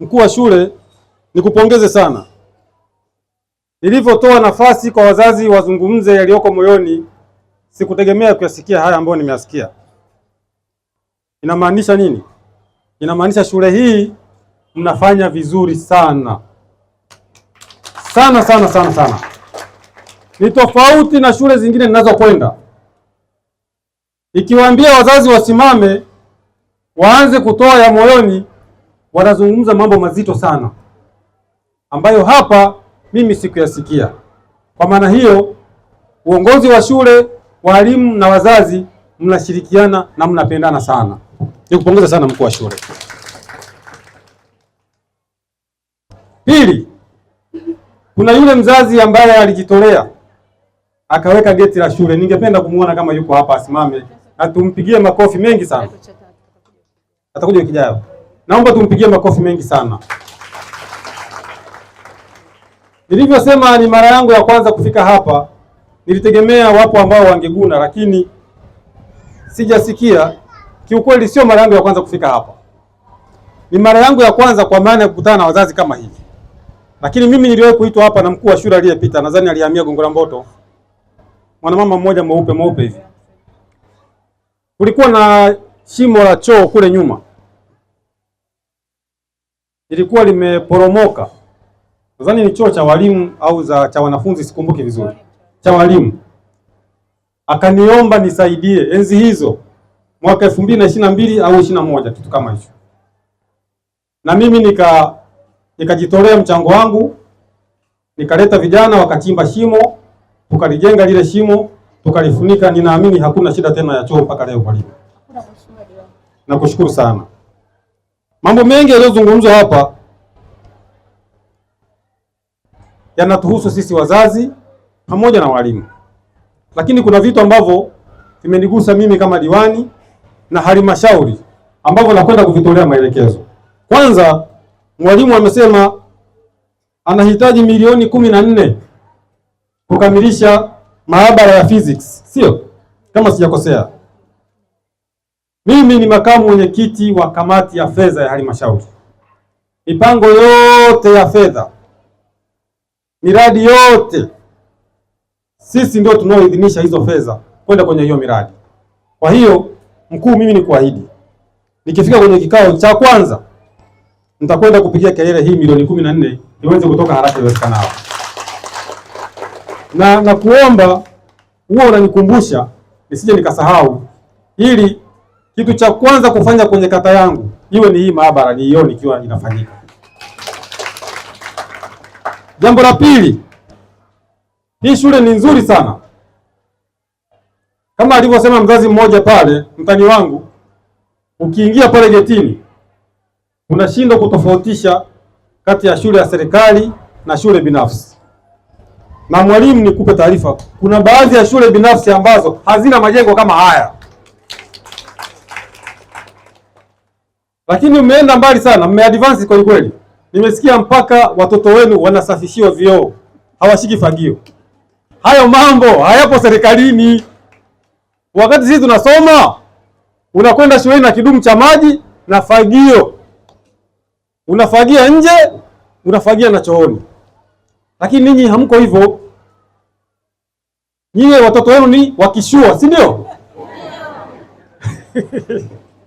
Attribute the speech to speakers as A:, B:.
A: Mkuu wa shule, nikupongeze sana. Nilivyotoa nafasi kwa wazazi wazungumze yaliyoko moyoni, sikutegemea kuyasikia haya ambayo nimeyasikia. Inamaanisha nini? Inamaanisha shule hii mnafanya vizuri sana sana sana sana sana, ni tofauti na shule zingine ninazokwenda. Ikiwaambia wazazi wasimame waanze kutoa ya moyoni wanazungumza mambo mazito sana ambayo hapa mimi sikuyasikia. Kwa maana hiyo, uongozi wa shule, walimu na wazazi mnashirikiana na mnapendana sana. Nikupongeza sana mkuu wa shule. Pili, kuna yule mzazi ambaye alijitolea akaweka geti la shule. Ningependa kumuona kama yuko hapa, asimame na tumpigie makofi mengi sana. Atakuja wiki ijayo. Naomba tumpigie makofi mengi sana. Nilivyosema ni mara yangu ya kwanza kufika hapa, nilitegemea wapo ambao wangeguna, lakini sijasikia. Kiukweli sio mara yangu ya kwanza kufika hapa, ni mara yangu ya kwanza kwa maana ya kukutana na wazazi kama hivi, lakini mimi niliwahi kuitwa hapa na mkuu wa shule aliyepita, nadhani alihamia Gongo la Mboto, mwanamama mmoja mweupe mweupe hivi, kulikuwa na shimo la choo kule nyuma lilikuwa limeporomoka, nadhani ni choo cha walimu au za cha wanafunzi, sikumbuki vizuri, cha walimu. Akaniomba nisaidie enzi hizo, mwaka elfu mbili na ishirini na mbili au ishirini na moja kitu kama hicho, na mimi nika nikajitolea mchango wangu, nikaleta vijana wakachimba shimo, tukalijenga lile shimo, tukalifunika. Ninaamini hakuna shida tena ya choo mpaka leo. Kwa hiyo nakushukuru sana. Mambo mengi yaliyozungumzwa hapa yanatuhusu sisi wazazi pamoja na walimu, lakini kuna vitu ambavyo vimenigusa mimi kama diwani na halmashauri ambavyo nakwenda kuvitolea maelekezo. Kwanza, mwalimu amesema anahitaji milioni kumi na nne kukamilisha maabara ya physics, sio kama sijakosea. Mimi ni makamu mwenyekiti wa kamati ya fedha ya halmashauri. Mipango yote ya fedha, miradi yote, sisi ndio tunaoidhinisha hizo fedha kwenda kwenye hiyo miradi. Kwa hiyo mkuu, mimi ni kuahidi, nikifika kwenye kikao cha kwanza nitakwenda kupigia kelele hii milioni kumi na nne iweze kutoka haraka iwezekanavyo, na nakuomba huo unanikumbusha nisije nikasahau, ili kitu cha kwanza kufanya kwenye kata yangu iwe ni hii maabara, niione ikiwa inafanyika. Jambo la pili, hii shule ni nzuri sana kama alivyosema mzazi mmoja pale, mtani wangu, ukiingia pale getini unashindwa kutofautisha kati ya shule ya serikali na shule binafsi. Na mwalimu, nikupe taarifa, kuna baadhi ya shule binafsi ambazo hazina majengo kama haya. lakini mmeenda mbali sana, advance kweli kweli. Nimesikia mpaka watoto wenu wanasafishiwa vioo, hawashiki fagio. Hayo mambo hayapo serikalini. Wakati sisi tunasoma, unakwenda shuleni na kidumu cha maji na fagio, unafagia nje, unafagia na chooni, lakini ninyi hamko hivyo. nyie watoto wenu ni wakishua, si ndio?